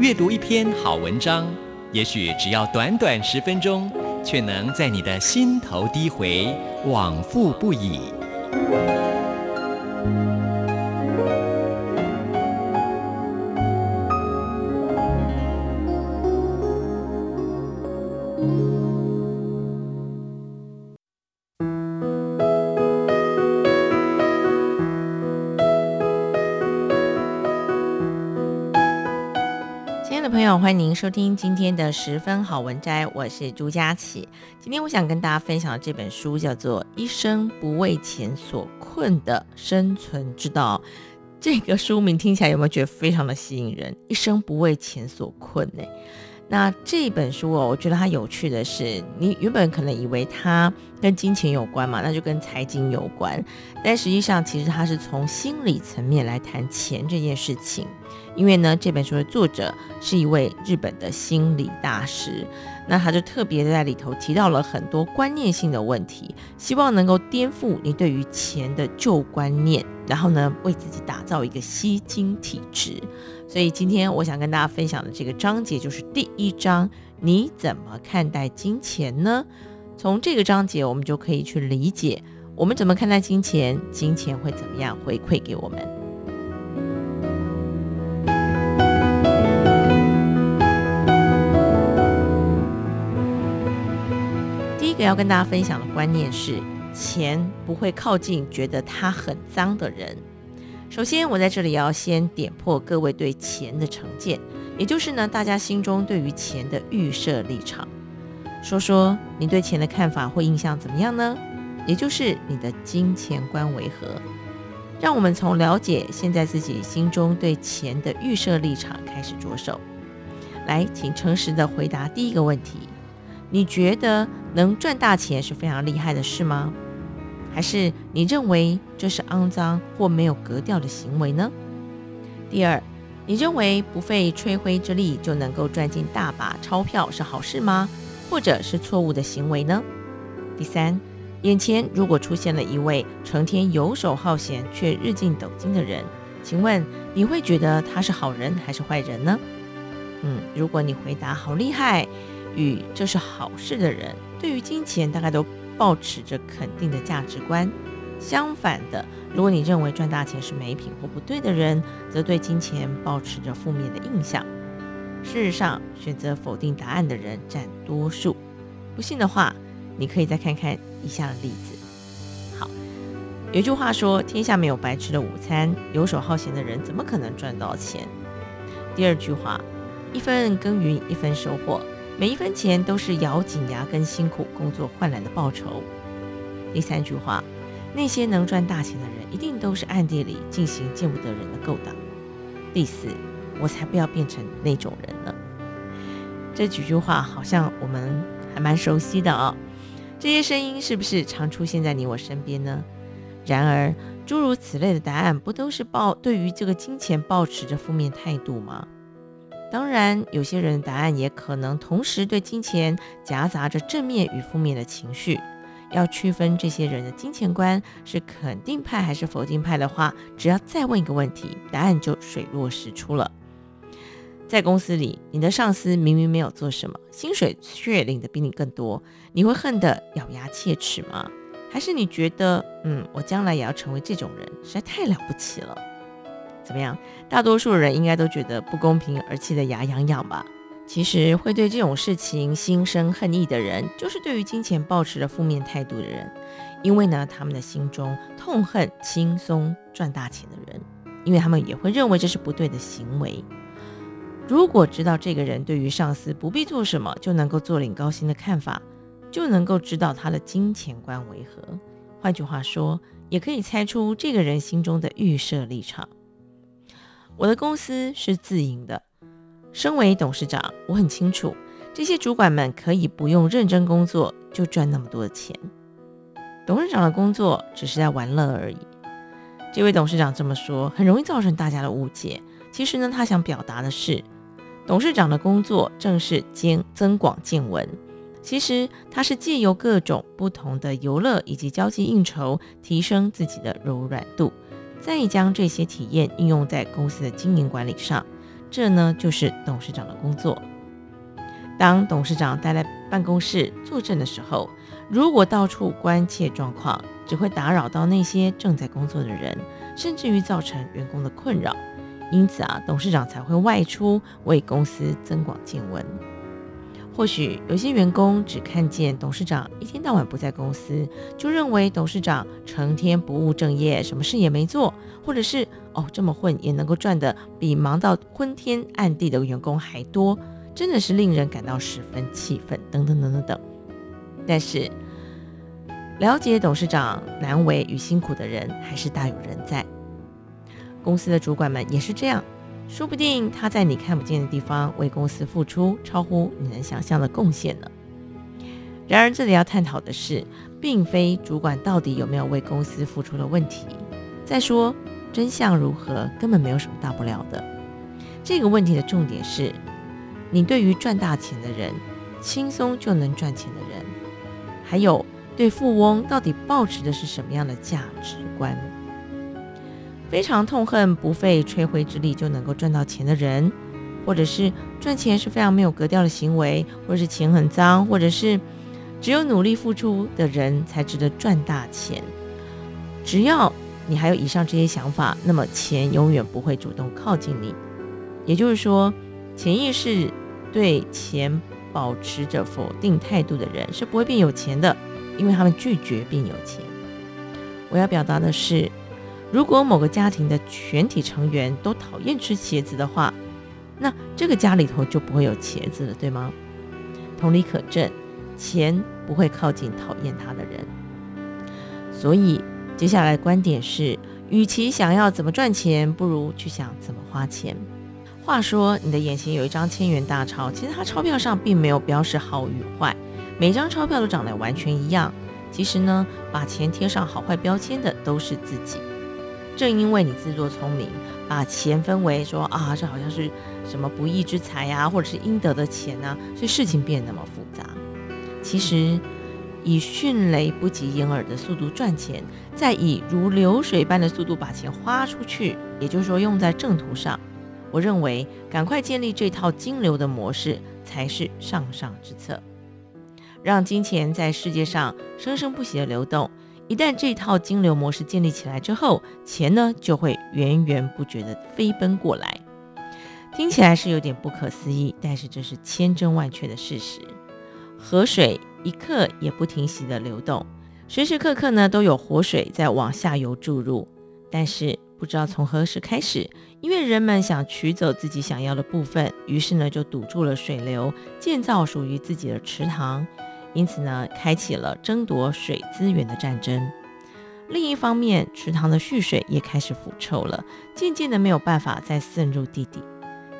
閱讀一篇好文章，也許只要短短十分鐘，卻能在你的心頭低回，往復不已。朋友，歡迎您收聽今天的《十分好文摘》，我是朱佳琪。今天我想跟大家分享的這本書叫做《一生不為錢所困的生存之道》。這個書名聽起來有沒有覺得非常的吸引人？一生不為錢所困，欸，呢。那這本書哦，我覺得它有趣的是，你原本可能以為它跟金錢有關嘛，那就跟財經有關，但實際上其實它是從心理層面來談錢這件事情，因為呢，這本書的作者是一位日本的心理大師。那他就特別在裡頭提到了很多觀念性的問題，希望能夠顛覆你對於錢的舊觀念，然後呢，為自己打造一個吸金體質。所以今天我想跟大家分享的這個章節就是第一章，你怎麼看待金錢呢？從這個章節我們就可以去理解我們怎麼看待金錢，金錢會怎麼樣回饋給我們。要跟大家分享的觀念是，錢不會靠近覺得它很髒的人。首先，我在這裡要先點破各位對錢的成見，也就是呢，大家心中對於錢的預設立場。說說你對錢的看法或印象怎麼樣呢？也就是你的金錢觀為何？讓我們從了解現在自己心中對錢的預設立場開始着手。來，請誠實的回答第一個問題。你覺得能賺大錢是非常厲害的事嗎？還是你認為這是骯髒或沒有格調的行為呢？第二，你認為不費吹灰之力就能夠賺進大把鈔票是好事嗎？或者是錯誤的行為呢？第三，眼前如果出現了一位成天游手好閒卻日進斗金的人，請問你會覺得他是好人還是壞人呢？嗯，如果你回答好厲害，與這是好事的人，對於金錢大概都抱持着肯定的價值觀。相反的，如果你認為賺大錢是沒品或不對的人，則對金錢抱持着負面的印象。事實上，選擇否定答案的人佔多數。不信的話，你可以再看看以下的例子。好，有句話說：“天下沒有白吃的午餐。”游手好閒的人怎麼可能賺到錢？第二句話：“一分耕耘，一分收穫。”每一分錢都是咬緊牙根辛苦工作換來的報酬。第三句話，那些能賺大錢的人一定都是暗地裡進行見不得人的勾當。第四，我才不要變成那種人呢。這幾句話好像我們還蠻熟悉的哦。這些聲音是不是常出現在你我身邊呢？然而，諸如此類的答案不都是抱對於這個金錢抱持着負面態度嗎？當然，有些人的答案也可能同時對金錢夾雜着正面與負面的情緒。要區分這些人的金錢觀是肯定派還是否定派的話，只要再問一個問題，答案就水落石出了。在公司裡，你的上司明明沒有做什麼，薪水卻領的比你更多，你會恨得咬牙切齒嗎？還是你覺得，嗯，我將來也要成為這種人，實在太了不起了？怎麼樣？大多數人應該都覺得不公平，而氣得牙癢癢吧？其實會對這種事情心生恨意的人，就是對於金錢抱持着負面態度的人，因為呢，他們的心中痛恨輕鬆賺大錢的人，因為他們也會認為這是不對的行為。如果知道這個人對於上司不必做什麼，就能夠坐領高薪的看法，就能夠知道他的金錢觀為何。換句話說，也可以猜出這個人心中的預設立場。我的公司是自營的。身為董事長，我很清楚，這些主管們可以不用認真工作就賺那麼多的錢。董事長的工作只是在玩樂而已。這位董事長這麼說，很容易造成大家的誤解。其實呢，他想表達的是，董事長的工作正是兼增廣見聞。其實他是借由各種不同的遊樂以及交際應酬，提升自己的柔軟度。再將這些體驗應用在公司的經營管理上，這呢就是董事長的工作。當董事長待在辦公室坐鎮的時候，如果到處關切狀況，只會打擾到那些正在工作的人，甚至於造成員工的困擾。因此啊，董事長才會外出為公司增廣見聞。或許有些員工只看見董事長一天到晚不在公司，就認為董事長成天不務正業，什麼事也沒做，或者是哦，這麼混也能夠賺得比忙到昏天暗地的員工還多，真的是令人感到十分氣憤，等等等等等等。但是了解董事長難為與辛苦的人還是大有人在，公司的主管們也是這樣。說不定他在你看不見的地方為公司付出超乎你能想象的貢獻呢。然而，這裡要探討的是，並非主管到底有沒有為公司付出的問題。再說，真相如何，根本沒有什麼大不了的。這個問題的重點是，你對於賺大錢的人、輕鬆就能賺錢的人，還有對富翁到底抱持的是什麼樣的價值觀？非常痛恨不費吹灰之力就能夠賺到錢的人，或者是賺錢是非常沒有格調的行為，或者是錢很髒，或者是只有努力付出的人才值得賺大錢。只要你還有以上這些想法，那麼錢永遠不會主動靠近你。也就是說，潛意識對錢保持着否定態度的人是不會變有錢的，因為他們拒絕變有錢。我要表達的是，如果某個家庭的全體成員都討厭吃茄子的話，那這個家裡頭就不會有茄子了，對嗎？同理可證，錢不會靠近討厭它的人。所以，接下來觀點是：與其想要怎麼賺錢，不如去想怎麼花錢。話說，你的眼前有一張千元大鈔，其實它鈔票上並沒有標示好與壞，每張鈔票都長得完全一樣。其實呢，把錢貼上好壞標籤的都是自己。正因為你自作聰明，把錢分為說啊，這好像是什麼不義之財呀、啊，或者是應得的錢呢、啊，所以事情變得那麼複雜。其實，以迅雷不及掩耳的速度賺錢，再以如流水般的速度把錢花出去，也就是說用在正途上。我認為，趕快建立這套金流的模式才是上上之策，讓金錢在世界上生生不息的流動。一旦這套金流模式建立起來之後，錢呢就會源源不絕地飛奔過來。聽起來是有點不可思議，但是這是千真萬確的事實。河水一刻也不停息地流動，時時刻刻呢都有活水在往下游注入。但是不知道從何時開始，因為人們想取走自己想要的部分，於是呢就堵住了水流，建造屬於自己的池塘。因此呢，開啟了爭奪水資源的戰爭。另一方面，池塘的蓄水也開始腐臭了，漸漸的沒有辦法再滲入地底。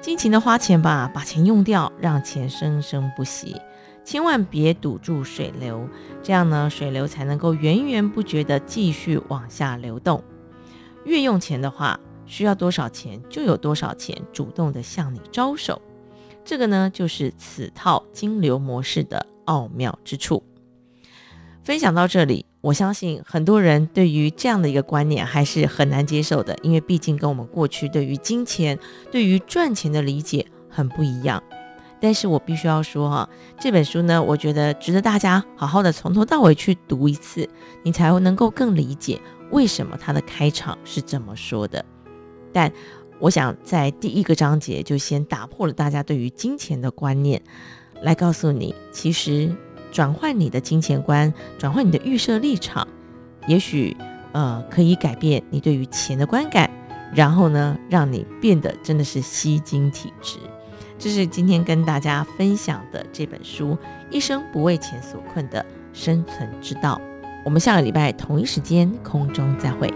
盡情的花錢吧，把錢用掉，讓錢生生不息。千萬別堵住水流，這樣呢，水流才能夠源源不絕的繼續往下流動。越用錢的話，需要多少錢就有多少錢主動的向你招手。這個呢，就是此套金流模式的。奧妙之處，分享到這裡，我相信很多人對於這樣的一個觀念還是很難接受的，因為畢竟跟我們過去對於金錢、對於賺錢的理解很不一樣。但是我必須要說哈、啊，這本書呢，我覺得值得大家好好的從頭到尾去讀一次，你才會能夠更理解為什麼它的開場是這麼說的。但我想在第一個章節就先打破了大家對於金錢的觀念。來告訴你，其實轉換你的金錢觀，轉換你的預設立場，也許呃可以改變你對於錢的觀感，然後呢，讓你變得真的是吸金體質。這是今天跟大家分享的這本書《一生不為錢所困的生存之道》。我們下個禮拜同一時間空中再會。